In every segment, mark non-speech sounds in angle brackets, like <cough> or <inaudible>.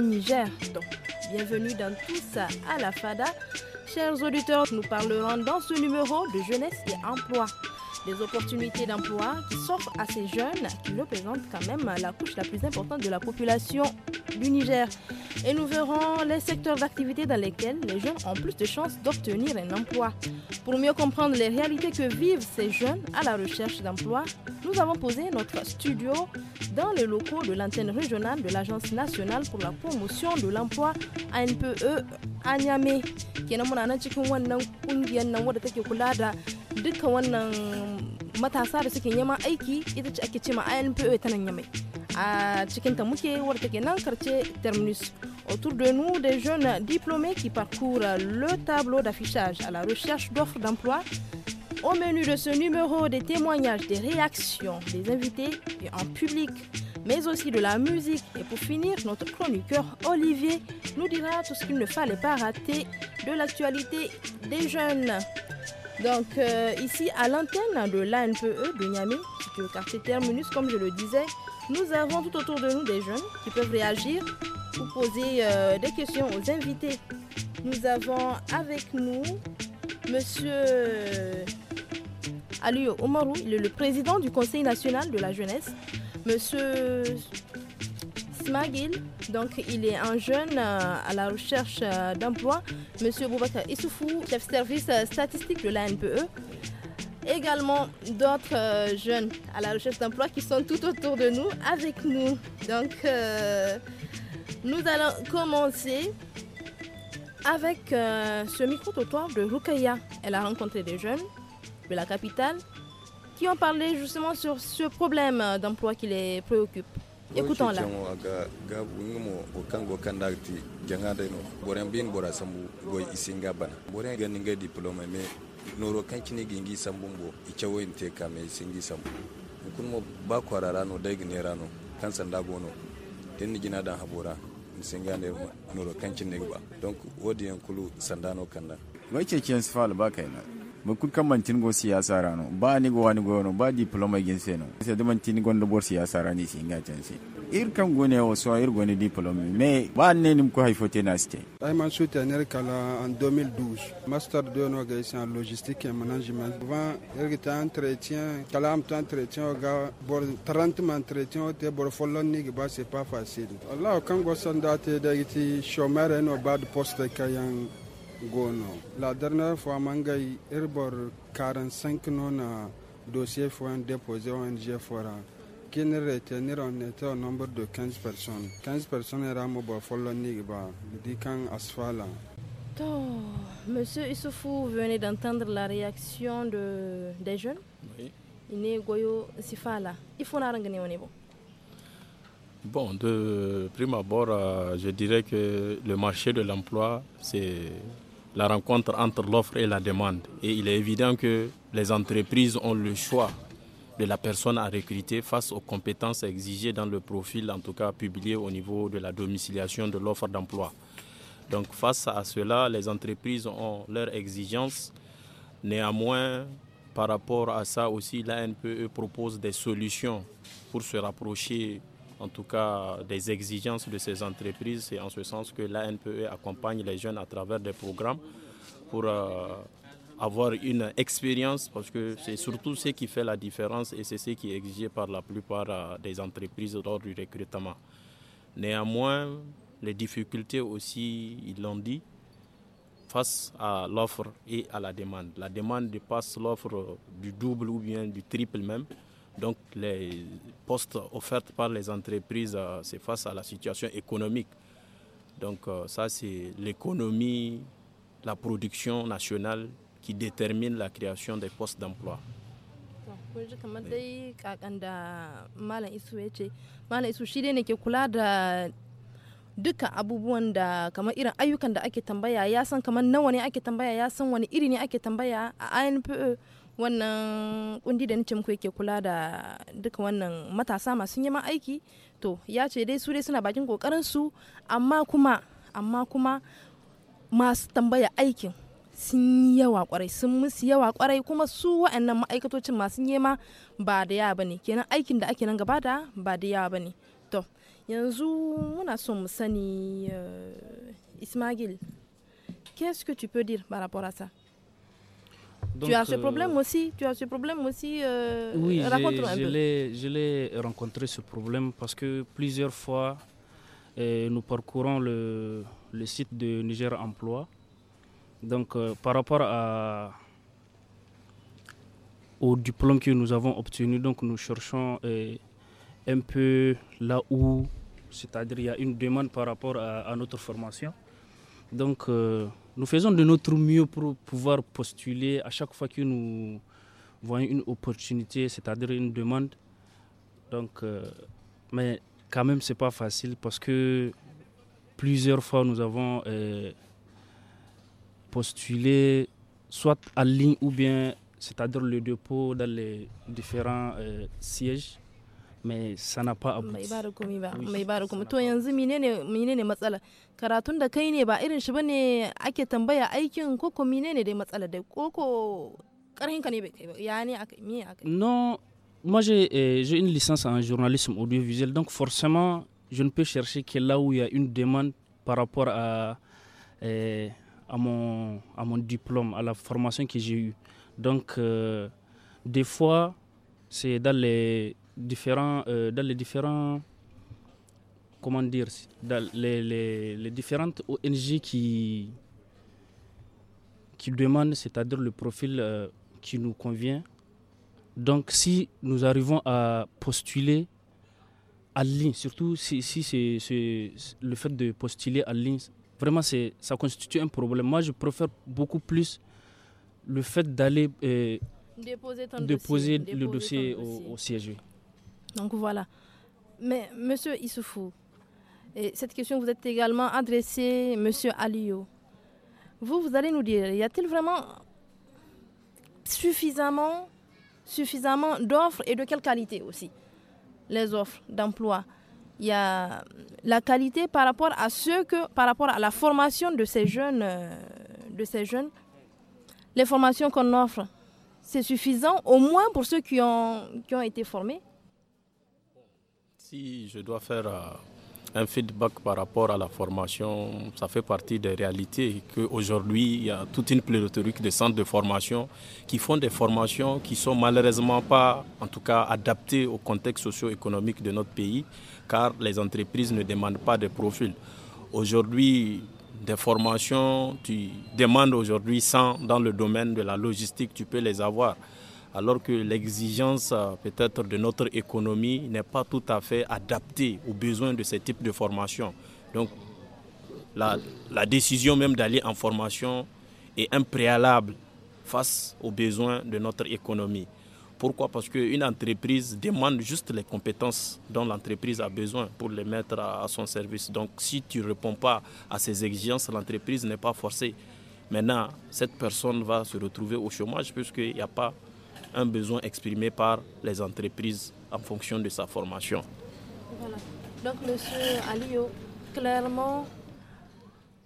Niger. bienvenue dans tout ça à la FADA. Chers auditeurs, nous parlerons dans ce numéro de jeunesse et emploi des opportunités d'emploi qui s'offrent à ces jeunes qui représentent quand même la couche la plus importante de la population du Niger. Et nous verrons les secteurs d'activité dans lesquels les jeunes ont plus de chances d'obtenir un emploi. Pour mieux comprendre les réalités que vivent ces jeunes à la recherche d'emploi, nous avons posé notre studio dans les locaux de l'antenne régionale de l'Agence nationale pour la promotion de l'emploi ANPE à Niamey matasa da ce a muke terminus autour de nous des jeunes diplômés qui parcourent le tableau d'affichage à la recherche d'offres d'emploi au menu de ce numéro des témoignages des réactions des invités et en public mais aussi de la musique. Et pour finir, notre chroniqueur Olivier nous dira tout ce qu'il ne fallait pas rater de l'actualité des jeunes. Donc euh, ici à l'antenne de l'ANPE de qui est au quartier Terminus, comme je le disais, nous avons tout autour de nous des jeunes qui peuvent réagir ou poser euh, des questions aux invités. Nous avons avec nous Monsieur Ali Omarou, il est le président du Conseil national de la jeunesse. Monsieur Ismail, donc il est un jeune euh, à la recherche euh, d'emploi. Monsieur Boubacar Issoufou, chef service euh, statistique de l'ANPE. Également d'autres jeunes à la recherche d'emploi qui sont tout autour de nous, avec nous. Donc nous allons commencer avec ce micro totoir de Rukaya. Elle a rencontré des jeunes de la capitale qui ont parlé justement sur ce problème d'emploi qui les préoccupe. écoutons là ga ga ngimo o kango kandakti janga de no boren bin bora sambu bana me noro sambu kun mo ba kwarara no dai ginera no kan sanda gono din ni gina dan habora singa ne noro kankin ne ba donc wodi sanda no kanda mai keken Sifal ba na. kul kam man tingo si siyasa rano ba ni go wani go no ba diploma gin seno se dum man tin gondo bor si rani singa chansi ir kam gone o so ir gone diploma me ba ne nim ko hay fote naste ay man soutien ner kala en 2012 master de no ga en logistique et management avant er ta entretien kala am ta entretien ga bor 30 entretien te bor folon ni ba c'est pas facile allah kan go sandate da giti chômeur no bad poste kayang la dernière fois il y 45 nona dossier foin déposé au Qui ne retenir on était au nombre de 15 personnes 15 personnes era en bo de nigba di asfala Monsieur Issoufou, vous venez d'entendre la réaction de, des jeunes. Oui. Il Goyo Sifala. Il faut la Bon, de prime abord, euh, je dirais que le marché de l'emploi, c'est la rencontre entre l'offre et la demande. Et il est évident que les entreprises ont le choix de la personne à recruter face aux compétences exigées dans le profil, en tout cas publié au niveau de la domiciliation de l'offre d'emploi. Donc face à cela, les entreprises ont leurs exigences. Néanmoins, par rapport à ça aussi, la NPE propose des solutions pour se rapprocher en tout cas des exigences de ces entreprises. C'est en ce sens que l'ANPE accompagne les jeunes à travers des programmes pour euh, avoir une expérience parce que c'est surtout ce qui fait la différence et c'est ce qui est exigé par la plupart euh, des entreprises lors du recrutement. Néanmoins, les difficultés aussi, ils l'ont dit, face à l'offre et à la demande. La demande dépasse l'offre euh, du double ou bien du triple même. Donc les postes offerts par les entreprises, euh, c'est face à la situation économique. Donc euh, ça, c'est l'économie, la production nationale qui détermine la création des postes d'emploi. wannan kundi da nace muku yake kula da duka wannan matasa masu neman aiki to ya ce dai su dai suna bakin kokarin su amma kuma amma kuma masu tambaya aikin sun yi yawa kwarai sun musu yawa kwarai kuma su wa'annan ma'aikatocin masu nema ba da yawa bane kenan aikin da ake nan gaba da ba da yawa bane to yanzu muna so mu sani eh, ismagil qu'est-ce que tu peux tu as ce euh, problème aussi Tu as ce problème aussi euh, Oui, je l'ai rencontré ce problème parce que plusieurs fois, euh, nous parcourons le, site de Niger Emploi. Donc, par rapport à, au diplôme que nous avons obtenu, donc nous cherchons un peu là où, c'est-à-dire il y a une demande par rapport à, notre formation. Donc, nous faisons de notre mieux pour pouvoir postuler à chaque fois que nous voyons une opportunité, c'est-à-dire une demande. Donc, euh, mais quand même, c'est pas facile parce que plusieurs fois nous avons euh, postulé soit en ligne ou bien, c'est-à-dire le dépôt dans les différents euh, sièges mai sanafa abu mai ba da komi ba mai ba da komi to yanzu menene menene matsala karatun da kai ne ba irin shi bane ake tambaya aikin ko ko menene dai matsala dai ko ko karhin ka ne bai kai ba ya ne aka me aka no moi j'ai eh, j'ai une licence en journalisme audiovisuel donc forcément je ne peux chercher que là où il y a une demande par rapport à euh, à mon à mon diplôme à la formation que j'ai eue donc euh, des fois c'est dans les différents, euh, dans les différents, comment dire, les, les, différentes ONG qui, demandent, c'est-à-dire le profil euh, qui nous convient. Donc, si nous arrivons à postuler en ligne, surtout si, si c'est le fait de postuler en ligne, vraiment ça constitue un problème. Moi, je préfère beaucoup plus le fait d'aller euh, déposer, le dossier, au, au siège. Donc voilà. Mais monsieur Issoufou, et cette question vous êtes également adressée monsieur Alio. Vous, vous allez nous dire, y a-t-il vraiment suffisamment, suffisamment d'offres et de quelle qualité aussi Les offres d'emploi. Il y a la qualité par rapport à ce que, par rapport à la formation de ces jeunes, euh, de ces jeunes. Les formations qu'on offre, c'est suffisant au moins pour ceux qui ont, qui ont été formés. Si je dois faire euh, un feedback par rapport à la formation, ça fait partie des réalités qu'aujourd'hui, il y a toute une pléthorique de centres de formation qui font des formations qui sont malheureusement pas, en tout cas, adaptées au contexte socio-économique de notre pays, car les entreprises ne demandent pas de profils. Aujourd'hui, des formations, tu demandes aujourd'hui 100 dans le domaine de la logistique, tu peux les avoir alors que l'exigence euh, peut-être de notre économie n'est pas tout à fait adaptée aux besoins de ce type de formation. Donc la, décision même d'aller en formation est un face aux besoins de notre économie. Pourquoi Parce qu'une entreprise demande juste les compétences dont l'entreprise a besoin pour les mettre à, son service. Donc si tu ne réponds pas à ces exigences, l'entreprise n'est pas forcée. Maintenant, cette personne va se retrouver au chômage puisqu'il n'y a pas un besoin exprimé par les entreprises en fonction de sa formation. Voilà. Donc, monsieur Aliyo, clairement,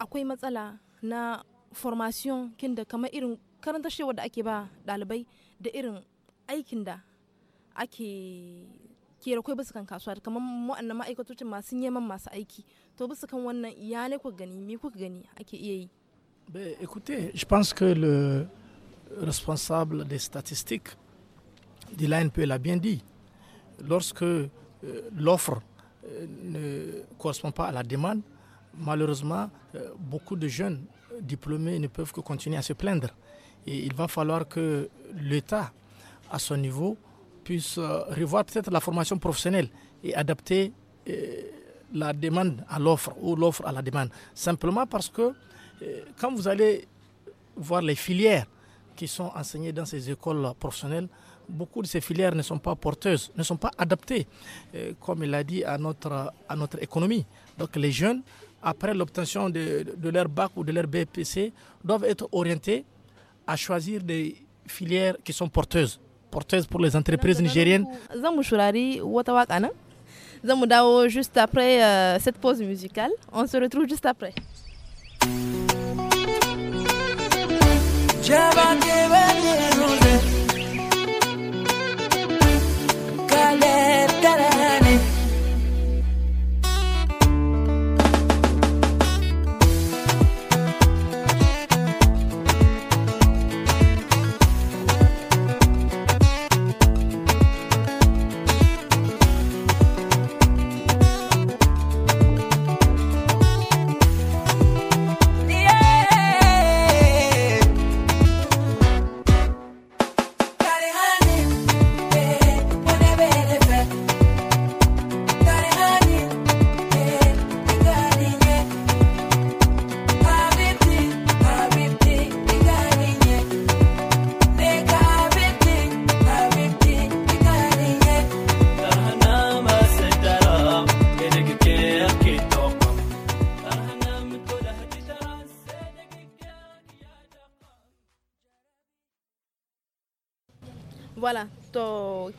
akwai matsala na formation kin da kamar irin karantarshewar da ake ba dalibai da irin aikin da ake ke rakwai basu kan kasuwa kamar wa'annan ma'aikatocin masu neman masu aiki to basu kan wannan ya ne ku gani me ku gani ake iya yi ben, écoutez je pense que le responsable des statistiques de l'ANP l'a bien dit. Lorsque euh, l'offre euh, ne correspond pas à la demande, malheureusement, euh, beaucoup de jeunes diplômés ne peuvent que continuer à se plaindre. Et il va falloir que l'État, à son niveau, puisse revoir peut-être la formation professionnelle et adapter la demande à l'offre ou l'offre à la demande. Simplement parce que quand vous allez voir les filières qui sont enseignés dans ces écoles professionnelles, beaucoup de ces filières ne sont pas porteuses, ne sont pas adaptées, euh, comme il a dit, à notre, à notre économie. Donc les jeunes, après l'obtention de, de leur bac ou de leur BPC, doivent être orientés à choisir des filières qui sont porteuses, porteuses pour les entreprises nigériennes. juste après euh, cette pause musicale, on se retrouve juste après. Kalep tarane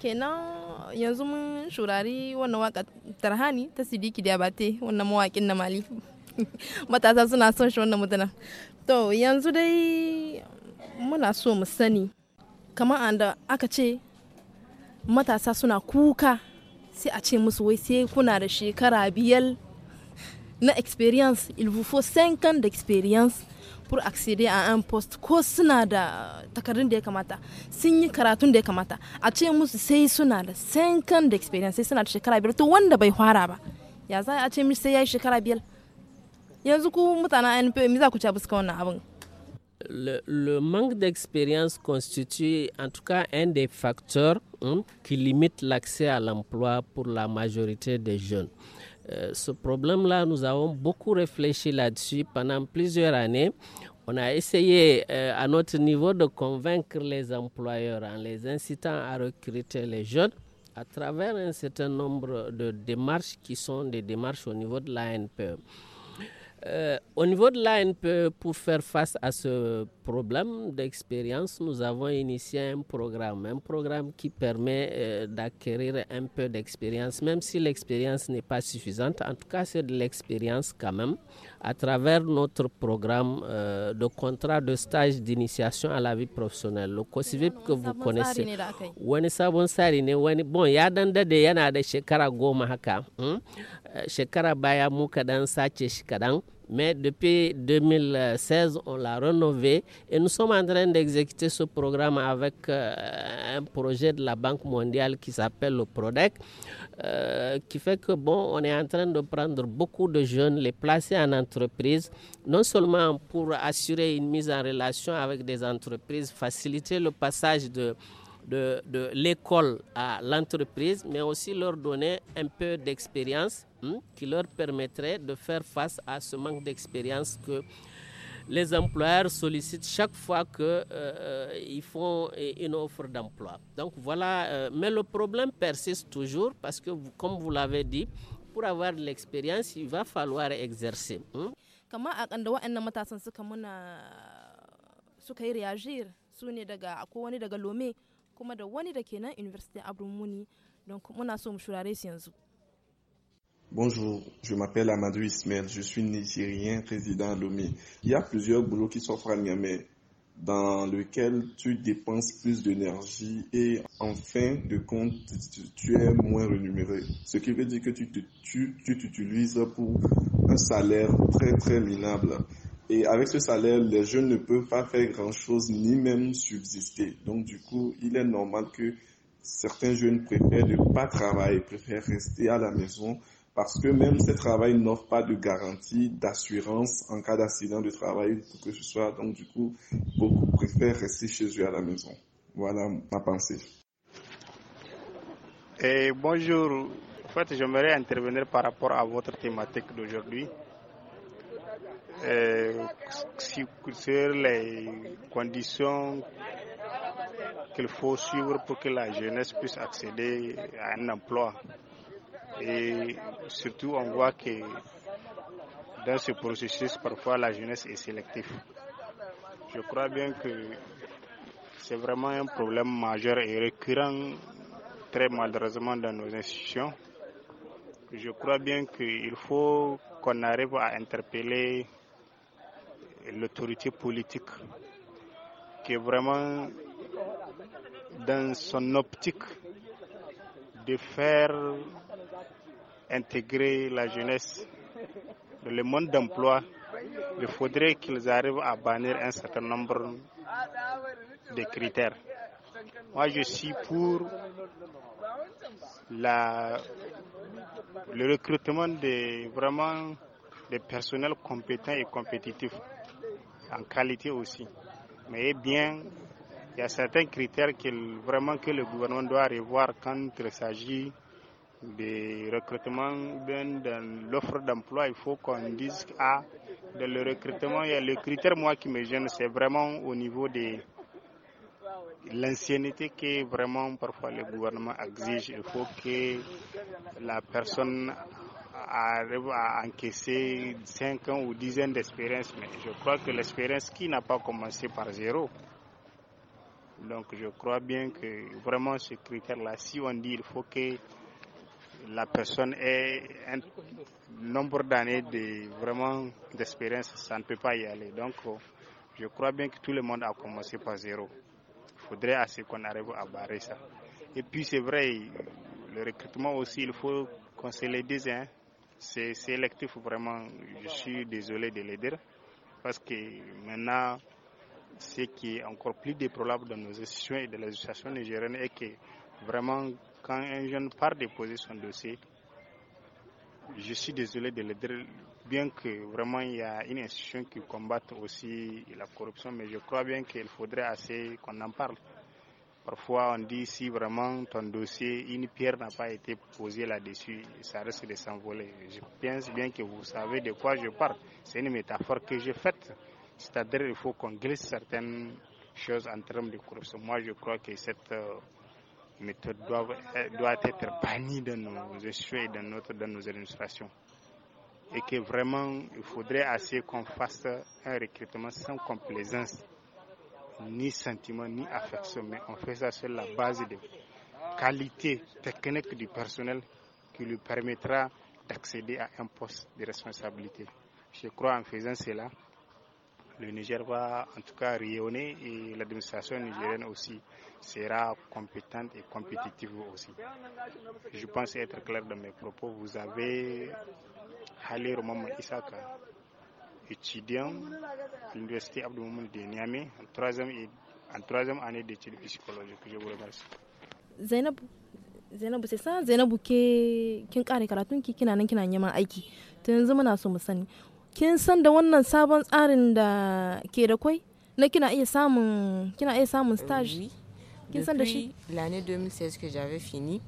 kenan yanzu mun shurari wannan waka tarhani ta sidiki diabate wannan mawakin na mali <laughs> matasa suna son shi wannan mutanen to yanzu dai muna so mu sani kamar anda aka ce matasa suna kuka sai a ce musu wai sai kuna da shekara biyar na experience il vous faut 5 ans d'expérience pour accéder à un poste ko sunada takarin takardun da ya kamata sun yi karatun da ya kamata a ce musu sai sunada da 5 ans d'experience sai sunada shekara biyar to wanda bai fara ba ya za a ce musu sai ya yi shekara biyar yanzu ku mutanen ANP me za ku ci abuska wannan abin Le, le, manque d'expérience constitue en tout cas un des facteurs hein, qui limite l'accès à l'emploi pour la majorité des jeunes. Euh, ce problème-là, nous avons beaucoup réfléchi là-dessus pendant plusieurs années. On a essayé euh, à notre niveau de convaincre les employeurs en les incitant à recruter les jeunes à travers un certain nombre de démarches qui sont des démarches au niveau de l'ANPE. Euh, au niveau de l'ANPE, pour faire face à ce problème d'expérience, nous avons initié un programme, un programme qui permet euh, d'acquérir un peu d'expérience, même si l'expérience n'est pas suffisante. En tout cas, c'est de l'expérience quand même, à travers notre programme euh, de contrat de stage d'initiation à la vie professionnelle, le COSIVIP que vous connaissez. Chez euh, Karabaya Kadan Sacheshikadan. Mais depuis 2016, on l'a rénové et nous sommes en train d'exécuter ce programme avec euh, un projet de la Banque mondiale qui s'appelle le PRODEC, euh, qui fait que, bon, on est en train de prendre beaucoup de jeunes, les placer en entreprise, non seulement pour assurer une mise en relation avec des entreprises, faciliter le passage de de, l'école à l'entreprise, mais aussi leur donner un peu d'expérience hmm, qui leur permettrait de faire face à ce manque d'expérience que les employeurs sollicitent chaque fois qu'ils euh, euh, font une offre d'emploi. Donc voilà, euh, mais le problème persiste toujours parce que, comme vous l'avez dit, pour avoir de l'expérience, il va falloir exercer. Hein? est Bonjour, je m'appelle Amadou Ismail, je suis nigérien résident à Lomé. Il y a plusieurs boulots qui s'offrent à Niamey dans lesquels tu dépenses plus d'énergie et en fin de compte, tu, es moins rémunéré. Ce qui veut dire que tu t'utilises tu, pour un salaire très très minable. Et avec ce salaire, les jeunes ne peuvent pas faire grand-chose ni même subsister. Donc du coup, il est normal que certains jeunes préfèrent ne pas travailler, préfèrent rester à la maison parce que même ce travail n'offre pas de garantie d'assurance en cas d'accident de travail ou que ce soit. Donc du coup, beaucoup préfèrent rester chez eux à la maison. Voilà ma pensée. Et bonjour. En fait, j'aimerais intervenir par rapport à votre thématique d'aujourd'hui. Eh, sur les conditions qu'il faut suivre pour que la jeunesse puisse accéder à un emploi. Et surtout, on voit que dans ce processus, parfois la jeunesse est sélective. Je crois bien que c'est vraiment un problème majeur et récurrent très malheureusement dans nos institutions. Je crois bien qu'il faut qu'on arrive à interpeller l'autorité politique qui est vraiment dans son optique de faire intégrer la jeunesse dans le monde d'emploi, il faudrait qu'ils arrivent à bannir un certain nombre de critères. Moi, je suis pour le recrutement de vraiment des personnels compétents et compétitifs en qualité aussi. Mais bien, il y a certains critères que, vraiment que le gouvernement doit revoir quand il s'agit de recrutement dans l'offre d'emploi. Il faut qu'on dise à ah, dans le recrutement, il y a le critère moi qui me gêne, c'est vraiment au niveau des l'ancienneté que vraiment parfois le gouvernement exige. Il faut que la personne à, à encaisser 5 ans ou 10 ans d'expérience, mais je crois que l'expérience qui n'a pas commencé par zéro. Donc je crois bien que vraiment ce critère-là, si on dit il faut que la personne ait un nombre d'années de, vraiment d'expérience, ça ne peut pas y aller. Donc euh, je crois bien que tout le monde a commencé par zéro. Il faudrait à ce qu'on arrive à barrer ça. Et puis c'est vrai, le recrutement aussi, il faut qu'on se les hein c'est sélectif vraiment. Je suis désolé de le dire parce que maintenant, ce qui est encore plus déplorable dans nos institutions et dans l'association nigérienne est que vraiment, quand un jeune part déposer son dossier, je suis désolé de le dire, bien que vraiment il y a une institution qui combatte aussi la corruption, mais je crois bien qu'il faudrait assez qu'on en parle. Parfois, on dit si vraiment ton dossier, une pierre n'a pas été posée là-dessus, ça risque de s'envoler. Je pense bien que vous savez de quoi je parle. C'est une métaphore que j'ai faite. C'est-à-dire qu'il faut qu'on glisse certaines choses en termes de corruption. Moi, je crois que cette euh, méthode euh, doit, être bannie de nos je et de, notre, de nos administrations. Et que vraiment, il faudrait assez qu'on fasse un recrutement sans complaisance ni sentiment, ni affection, mais on fait ça sur la base de qualité technique du personnel qui lui permettra d'accéder à un poste de responsabilité. Je crois en faisant cela, le Niger va en tout cas rayonner et l'administration nigérienne aussi sera compétente et compétitive aussi. Je pense être clair dans mes propos. Vous avez Halir Maman Isaka, étudiant l'université Abdou Moumouni de Niamey en troisième, en troisième année d'études psychologiques. Je vous remercie. Zainab, Zainabu sai sa Zainabu ke kin kare karatun ki kina nan kina neman aiki to yanzu muna so mu sani kin san da wannan sabon tsarin da ke da kwai na kina iya samun kina iya samun stage kin san da shi l'année 2016 que j'avais fini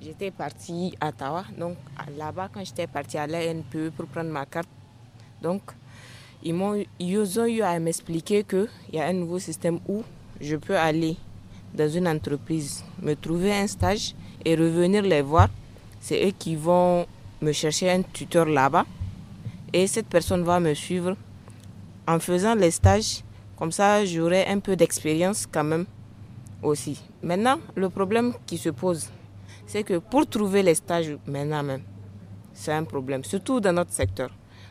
j'étais partie à Tawa donc là-bas quand j'étais partie à l'ANPE pour prendre ma carte donc, ils, m'ont, eu à m'expliquer qu'il y a un nouveau système où je peux aller dans une entreprise, me trouver un stage et revenir les voir. C'est eux qui vont me chercher un tuteur là-bas et cette personne va me suivre en faisant les stages. Comme ça, j'aurai un peu d'expérience quand même aussi. Maintenant, le problème qui se pose, c'est que pour trouver les stages maintenant même, c'est un problème, surtout dans notre secteur.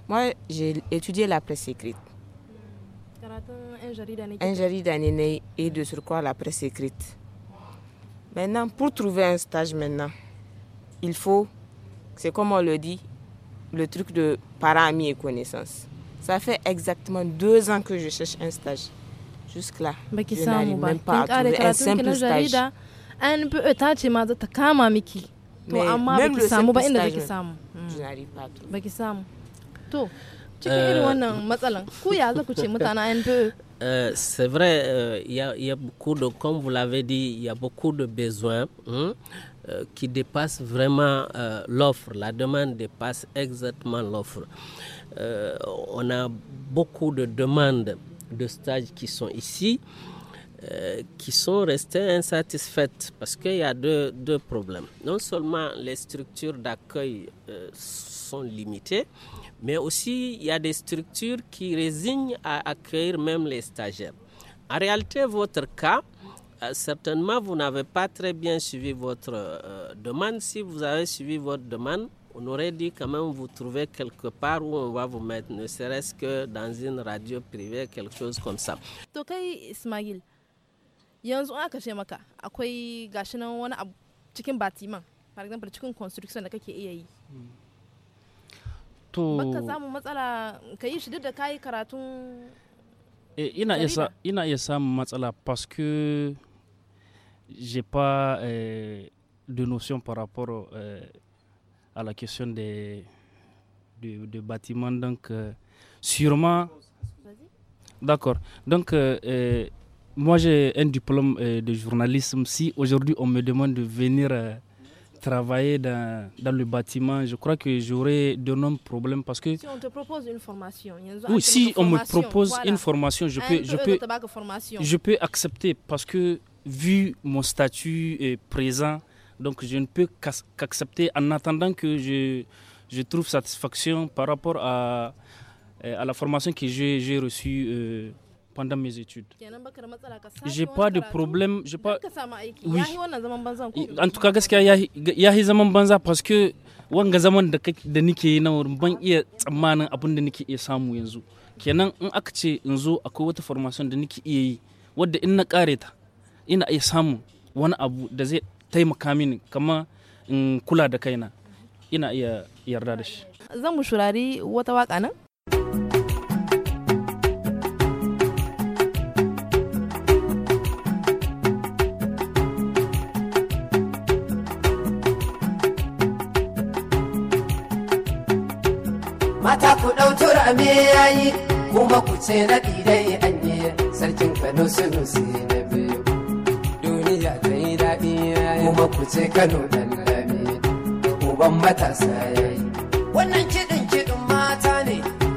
Moi, j'ai étudié la presse écrite. Un Danenei et de surcroît la presse écrite. Maintenant, pour trouver un stage maintenant, il faut, c'est comme on le dit, le truc de parents, et connaissances. Ça fait exactement deux ans que je cherche un stage. Jusque-là, bah, je n'arrive même pas à un simple stage. même le simple je hmm. n'arrive pas à trouver. Bah, c'est vrai, il eh, y, a, beaucoup de, comme vous l'avez dit, il y a beaucoup de besoins hein, euh, qui dépassent vraiment euh, l'offre. La demande dépasse exactement l'offre. Euh, on a beaucoup de demandes de stages qui sont ici, qui sont restées insatisfaites parce qu'il y a deux, deux, problèmes. Non seulement les structures d'accueil sont sont limitées, mais aussi il y a des structures qui résignent à accueillir même les stagiaires. En réalité, votre cas, euh, certainement, vous n'avez pas très bien suivi votre euh, demande. Si vous avez suivi votre demande, on aurait dit quand même vous trouvez quelque part où on va vous mettre, ne serait-ce que dans une radio privée, quelque chose comme ça. Ismail, maka wani par exemple construction hmm ina parce que j'ai pas eh, de notion par rapport eh, à la question des de, de bâtiments donc euh, sûrement d'accord donc euh, eh, moi j'ai un diplôme de journalisme si aujourd'hui on me demande de venir euh, travailler dans, dans le bâtiment, je crois que j'aurais de nombreux problèmes parce que... Si on te propose une formation... me propose une formation, je peux, je, peux, je peux accepter parce que vu mon statut est présent, donc je ne peux qu'accepter en attendant que je, je trouve satisfaction par rapport à, à la formation que j'ai reçue. Euh, pendant mes études. J'ai pas de problème, j'ai pas Oui. En tout cas, zaman banza parce que wanga zaman da da nike yi ban iya tsammanin abin da nike iya samu yanzu. Kenan in aka ce in zo akwai wata formation da nike iya yi wadda in na kare ta ina iya samu wani abu da zai taimaka mini kama in kula da kaina ina iya yarda da shi. Zan mu wata waka nan? ya yayi kuma ku ce na dai an yi sarkin Kano sunu na biyu duniya ta yi daɗi kuma ku ce Kano dan dami uban matasa yayi wannan kiɗin kiɗin mata ne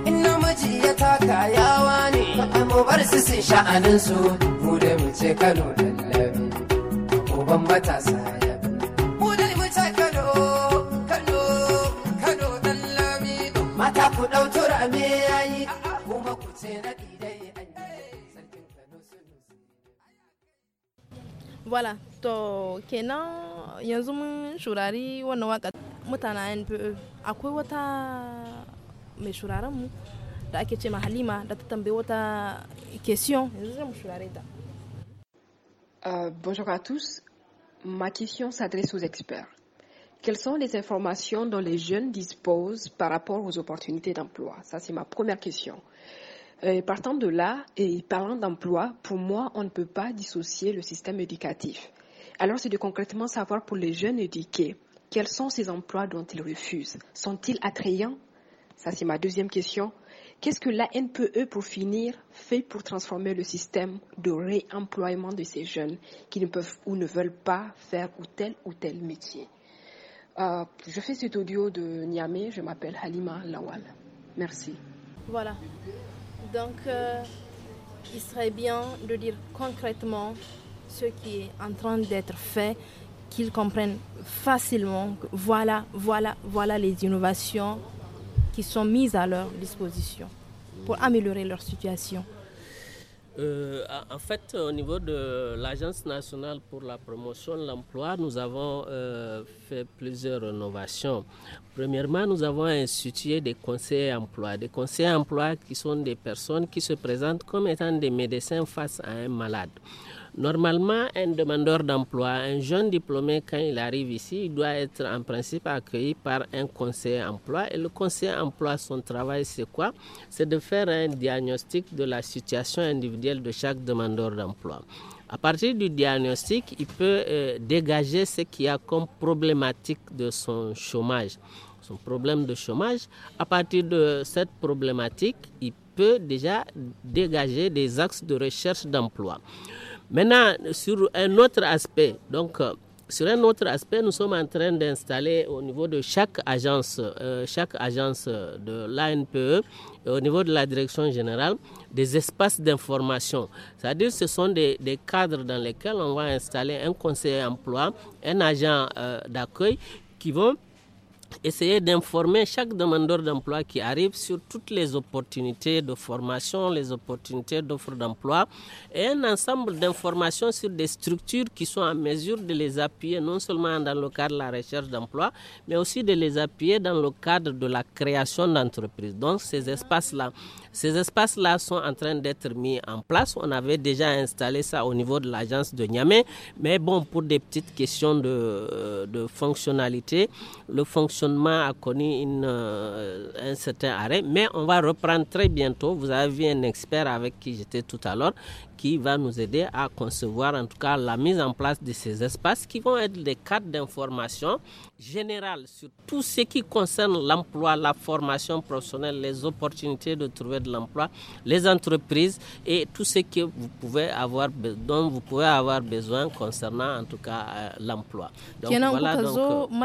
in namiji ya taka yawa ne mu bar su sun sha'anin su mu da mu ce Kano dan dami uban matasa yayi Voilà, to euh, bonjour à tous. Ma question s'adresse aux experts. Quelles sont les informations dont les jeunes disposent par rapport aux opportunités d'emploi Ça, c'est ma première question. Euh, partant de là et parlant d'emploi, pour moi, on ne peut pas dissocier le système éducatif. Alors, c'est de concrètement savoir pour les jeunes éduqués, quels sont ces emplois dont ils refusent Sont-ils attrayants Ça, c'est ma deuxième question. Qu'est-ce que la NPE, pour finir, fait pour transformer le système de réemploiement de ces jeunes qui ne peuvent ou ne veulent pas faire ou tel ou tel métier euh, Je fais cet audio de Niamey, je m'appelle Halima Lawal. Merci. Voilà. Donc, euh, il serait bien de dire concrètement ce qui est en train d'être fait, qu'ils comprennent facilement que voilà, voilà, voilà les innovations qui sont mises à leur disposition pour améliorer leur situation. Euh, en fait, au niveau de l'Agence nationale pour la promotion de l'emploi, nous avons euh, fait plusieurs rénovations. Premièrement, nous avons institué des conseillers emploi. Des conseillers emploi qui sont des personnes qui se présentent comme étant des médecins face à un malade. Normalement, un demandeur d'emploi, un jeune diplômé, quand il arrive ici, il doit être en principe accueilli par un conseiller emploi. Et le conseiller emploi, son travail, c'est quoi C'est de faire un diagnostic de la situation individuelle de chaque demandeur d'emploi. À partir du diagnostic, il peut euh, dégager ce qu'il y a comme problématique de son chômage, son problème de chômage. À partir de cette problématique, il peut déjà dégager des axes de recherche d'emploi. Maintenant, sur un autre aspect, donc euh, sur un autre aspect, nous sommes en train d'installer au niveau de chaque agence, euh, chaque agence euh, de l'ANPE, au niveau de la direction générale, des espaces d'information. C'est-à-dire ce sont des, cadres dans lesquels on va installer un conseiller emploi, un agent d'accueil qui vont essayer d'informer chaque demandeur d'emploi qui arrive sur toutes les opportunités de formation, les opportunités d'offre d'emploi et un ensemble d'informations sur des structures qui sont en mesure de les appuyer non seulement dans le cadre de la recherche d'emploi, mais aussi de les appuyer dans le cadre de la création d'entreprises. Donc ces espaces-là ces espaces-là sont en train d'être mis en place. On avait déjà installé ça au niveau de l'agence de Niamey. Mais bon, pour des petites questions de, euh, de fonctionnalité, le fonctionnement a connu euh, un certain arrêt. Mais on va reprendre très bientôt. Vous avez vu un expert avec qui j'étais tout à l'heure qui va nous aider à concevoir en tout cas la mise en place de ces espaces qui vont être des cadres d'information générales sur tout ce qui concerne l'emploi, la formation professionnelle, les opportunités de trouver de l'emploi, les entreprises et tout ce que vous pouvez avoir, dont vous pouvez avoir besoin concernant en tout cas euh, l'emploi. Donc voilà donc, euh, mm.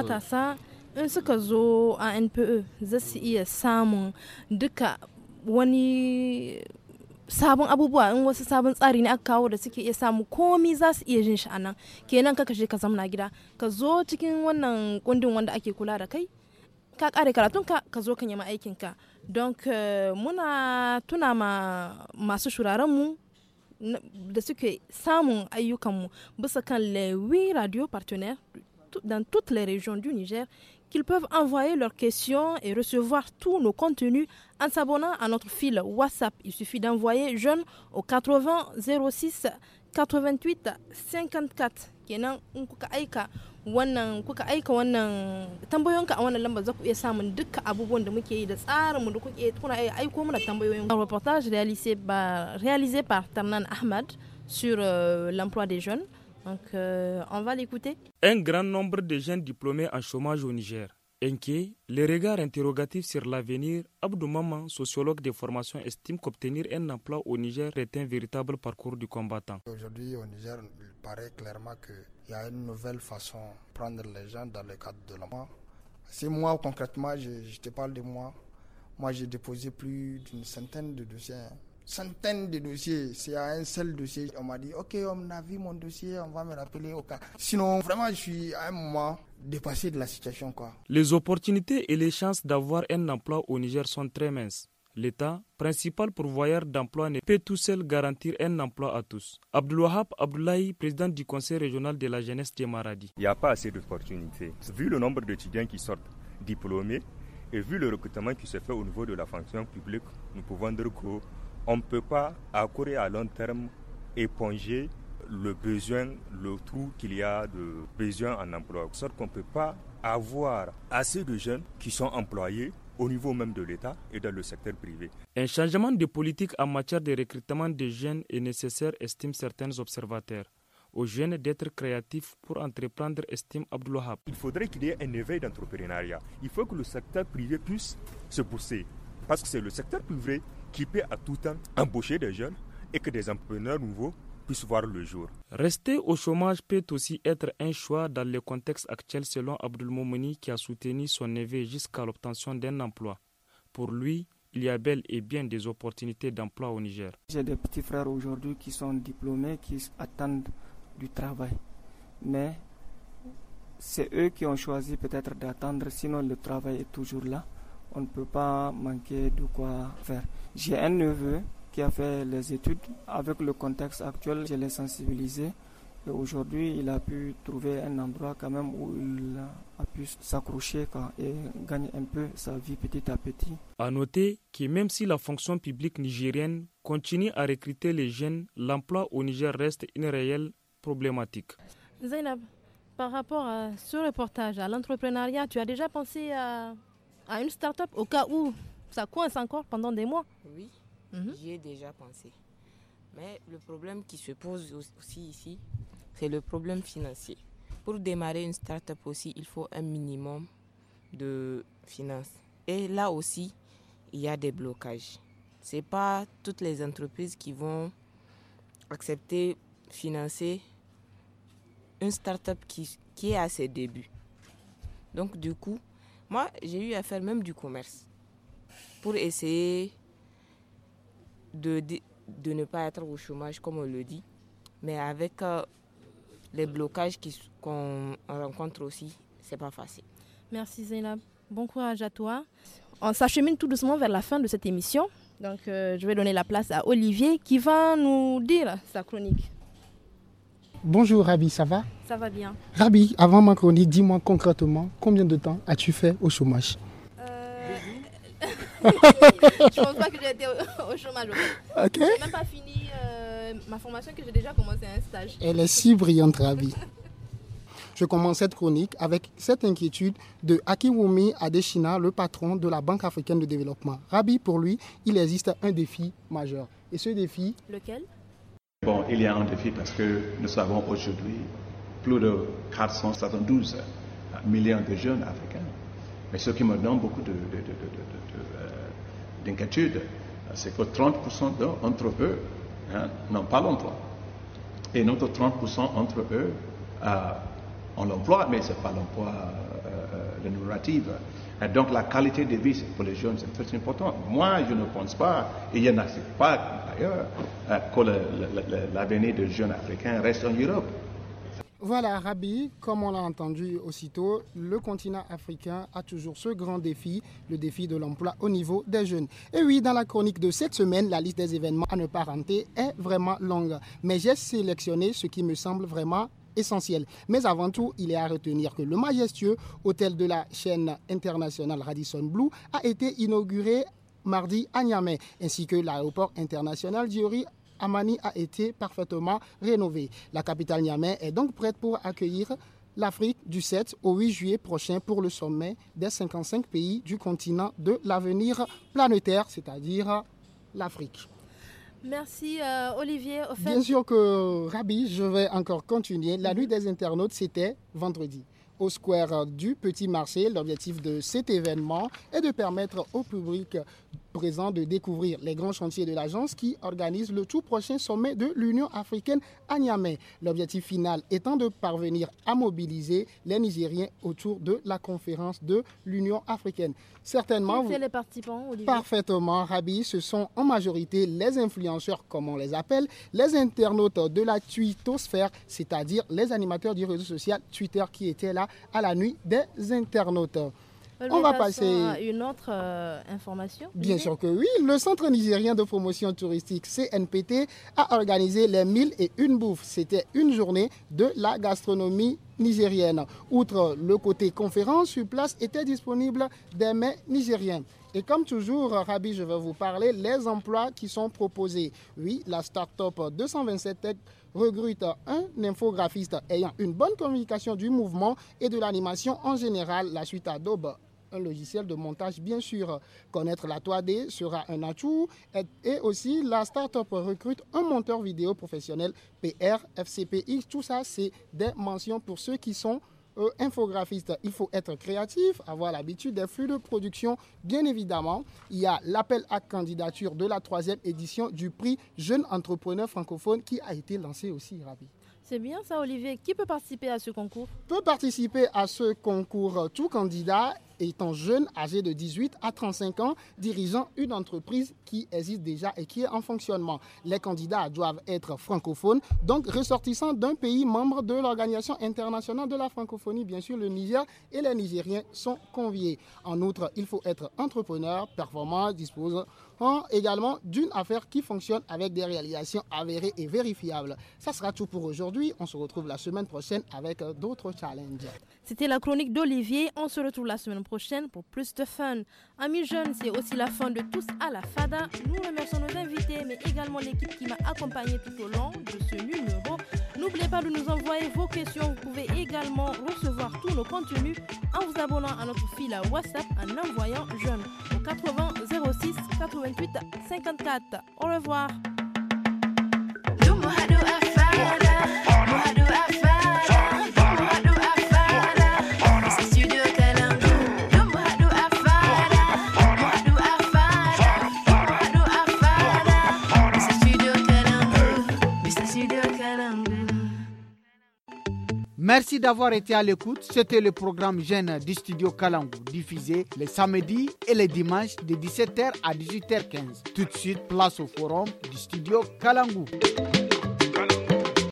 sabon abubuwa in wasu sabon tsari ne aka kawo da suke iya samu komi za su iya jin shi a nan kenan ka kashe ka zamna gida ka zo cikin wannan kundin wanda ake kula da kai ka kare karatun ka ka zo ka yi aikin ka don muna tuna ma masu shuraren mu da suke samun ayyukanmu bisa kan lewi radio partenaire dans toutes les régions du Niger qu'ils peuvent envoyer leurs questions et recevoir tous nos contenus en s'abonnant à notre fil WhatsApp. Il suffit d'envoyer jeune au 80 06 88 54 un reportage réalisé par réalisé par Tarnan Ahmad sur euh, l'emploi des jeunes donc, euh, on va l'écouter. Un grand nombre de jeunes diplômés en chômage au Niger. Inquiet, les regards interrogatifs sur l'avenir, Abdou sociologue de formation, estime qu'obtenir un emploi au Niger est un véritable parcours du combattant. Aujourd'hui, au Niger, il paraît clairement qu'il y a une nouvelle façon de prendre les gens dans le cadre de l'emploi. Si moi, concrètement, je te parle de moi, moi j'ai déposé plus d'une centaine de dossiers hein centaines de dossiers. C'est à un seul dossier. On m'a dit, OK, on a vu mon dossier, on va me rappeler au cas. Sinon, vraiment, je suis à un moment dépassé de la situation. Quoi. Les opportunités et les chances d'avoir un emploi au Niger sont très minces. L'État, principal pourvoyeur d'emplois, ne peut tout seul garantir un emploi à tous. Wahab Abdoulaye, président du conseil régional de la jeunesse de Maradi. Il n'y a pas assez d'opportunités. Vu le nombre d'étudiants qui sortent diplômés et vu le recrutement qui se fait au niveau de la fonction publique, nous pouvons dire que on ne peut pas, à à long terme, éponger le besoin, le trou qu'il y a de besoin en emploi. Sorte qu'on ne peut pas avoir assez de jeunes qui sont employés au niveau même de l'État et dans le secteur privé. Un changement de politique en matière de recrutement des jeunes est nécessaire, estiment certains observateurs. Aux jeunes d'être créatifs pour entreprendre, estime Abdoulohab. Il faudrait qu'il y ait un éveil d'entrepreneuriat. Il faut que le secteur privé puisse se pousser. Parce que c'est le secteur privé qui peut à tout temps embaucher des jeunes et que des entrepreneurs nouveaux puissent voir le jour. Rester au chômage peut aussi être un choix dans le contexte actuel selon Abdul Momouni qui a soutenu son neveu jusqu'à l'obtention d'un emploi. Pour lui, il y a bel et bien des opportunités d'emploi au Niger. J'ai des petits frères aujourd'hui qui sont diplômés, qui attendent du travail. Mais c'est eux qui ont choisi peut-être d'attendre, sinon le travail est toujours là. On ne peut pas manquer de quoi faire. J'ai un neveu qui a fait les études. Avec le contexte actuel, je l'ai sensibilisé. Et aujourd'hui, il a pu trouver un endroit quand même où il a pu s'accrocher et gagner un peu sa vie petit à petit. A noter que même si la fonction publique nigérienne continue à recruter les jeunes, l'emploi au Niger reste une réelle problématique. Zainab, par rapport à ce reportage, à l'entrepreneuriat, tu as déjà pensé à, à une start-up au cas où ça coince encore pendant des mois. Oui, mhm. j'ai déjà pensé. Mais le problème qui se pose aussi ici, c'est le problème financier. Pour démarrer une start-up aussi, il faut un minimum de finances. Et là aussi, il y a des blocages. Ce pas toutes les entreprises qui vont accepter, financer une start-up qui, qui est à ses débuts. Donc, du coup, moi, j'ai eu à faire même du commerce pour essayer de, ne pas être au chômage, comme on le dit, mais avec euh, les blocages qu'on rencontre aussi, c'est pas facile. Merci Zainab. Bon courage à toi. On s'achemine tout doucement vers la fin de cette émission. Donc, euh, je vais donner la place à Olivier qui va nous dire sa chronique. Bonjour Rabi, ça va Ça va bien. Rabi, avant ma chronique, dis-moi concrètement combien de temps as-tu fait au chômage <laughs> je pense pas que j'ai été au, chômage. Ok. J'ai même pas fini euh, ma formation que j'ai déjà commencé un stage. Elle est si brillante, Ravi. Je commence cette chronique avec cette inquiétude de Akiwumi Adeshina, le patron de la Banque africaine de développement. Rabi, pour lui, il existe un défi majeur. Et ce défi Lequel Bon, il y a un défi parce que nous savons aujourd'hui plus de 472 millions de jeunes africains mais ce qui me donne beaucoup euh, d'inquiétude, c'est que 30% d'entre eux hein, n'ont pas l'emploi. Et notre 30% entre eux euh, ont l'emploi, mais ce n'est pas l'emploi euh, euh donc la qualité de vie pour les jeunes, c'est très important. Moi, je ne pense pas, et je n'accepte pas d'ailleurs, que l'avenir des jeunes africains reste en Europe. Voilà, Rabi, comme on l'a entendu aussitôt, le continent africain a toujours ce grand défi, le défi de l'emploi au niveau des jeunes. Et oui, dans la chronique de cette semaine, la liste des événements à ne pas rater est vraiment longue. Mais j'ai sélectionné ce qui me semble vraiment essentiel. Mais avant tout, il est à retenir que le majestueux hôtel de la chaîne internationale Radisson Blue a été inauguré mardi à Niamey, ainsi que l'aéroport international Diori Amani a été parfaitement rénovée. La capitale Niamey est donc prête pour accueillir l'Afrique du 7 au 8 juillet prochain pour le sommet des 55 pays du continent de l'avenir planétaire, c'est-à-dire l'Afrique. Merci euh, Olivier. Bien sûr que Rabi, je vais encore continuer. La nuit des internautes, c'était vendredi au square du Petit Marché. L'objectif de cet événement est de permettre au public présent de découvrir les grands chantiers de l'agence qui organise le tout prochain sommet de l'Union africaine à Niamey. L'objectif final étant de parvenir à mobiliser les Nigériens autour de la conférence de l'Union africaine. Certainement, vous... les participants, Olivier. Parfaitement, Rabi, ce sont en majorité les influenceurs, comme on les appelle, les internautes de la twittosphère, c'est-à-dire les animateurs du réseau social Twitter qui étaient là à la nuit des internautes. On va passer à une autre euh, information. Bien sûr que oui. Le Centre nigérien de promotion touristique CNPT a organisé les 1000 et une bouffes. C'était une journée de la gastronomie nigérienne. Outre le côté conférence, sur place était disponible des mets nigériens. Et comme toujours, Rabi, je vais vous parler les emplois qui sont proposés. Oui, la start-up 227 Tech recrute un infographiste ayant une bonne communication du mouvement et de l'animation en général, la suite à Dobe un logiciel de montage, bien sûr. Connaître la 3D sera un atout. Et aussi, la start-up recrute un monteur vidéo professionnel, PR, FCPX. Tout ça, c'est des mentions pour ceux qui sont euh, infographistes. il faut être créatif, avoir l'habitude des flux de production, bien évidemment. Il y a l'appel à candidature de la troisième édition du prix Jeune Entrepreneur francophone qui a été lancé aussi, Ravi. C'est bien ça, Olivier. Qui peut participer à ce concours Peut participer à ce concours euh, tout candidat étant jeune, âgé de 18 à 35 ans, dirigeant une entreprise qui existe déjà et qui est en fonctionnement. Les candidats doivent être francophones, donc ressortissant d'un pays membre de l'Organisation internationale de la francophonie. Bien sûr, le Niger et les Nigériens sont conviés. En outre, il faut être entrepreneur, performant, disposant également d'une affaire qui fonctionne avec des réalisations avérées et vérifiables. Ça sera tout pour aujourd'hui. On se retrouve la semaine prochaine avec d'autres challenges. C'était la chronique d'Olivier. On se retrouve la semaine prochaine prochaine pour plus de fun. Amis jeunes, c'est aussi la fin de tous à la FADA. Nous remercions nos invités, mais également l'équipe qui m'a accompagné tout au long de ce numéro. N'oubliez pas de nous envoyer vos questions. Vous pouvez également recevoir tous nos contenus en vous abonnant à notre fil WhatsApp en envoyant jeune au 80 06 88 54. Au revoir. Merci d'avoir été à l'écoute. C'était le programme jeune du studio Kalangu, diffusé les samedis et les dimanches de 17h à 18h15. Tout de suite, place au forum du studio Kalangu.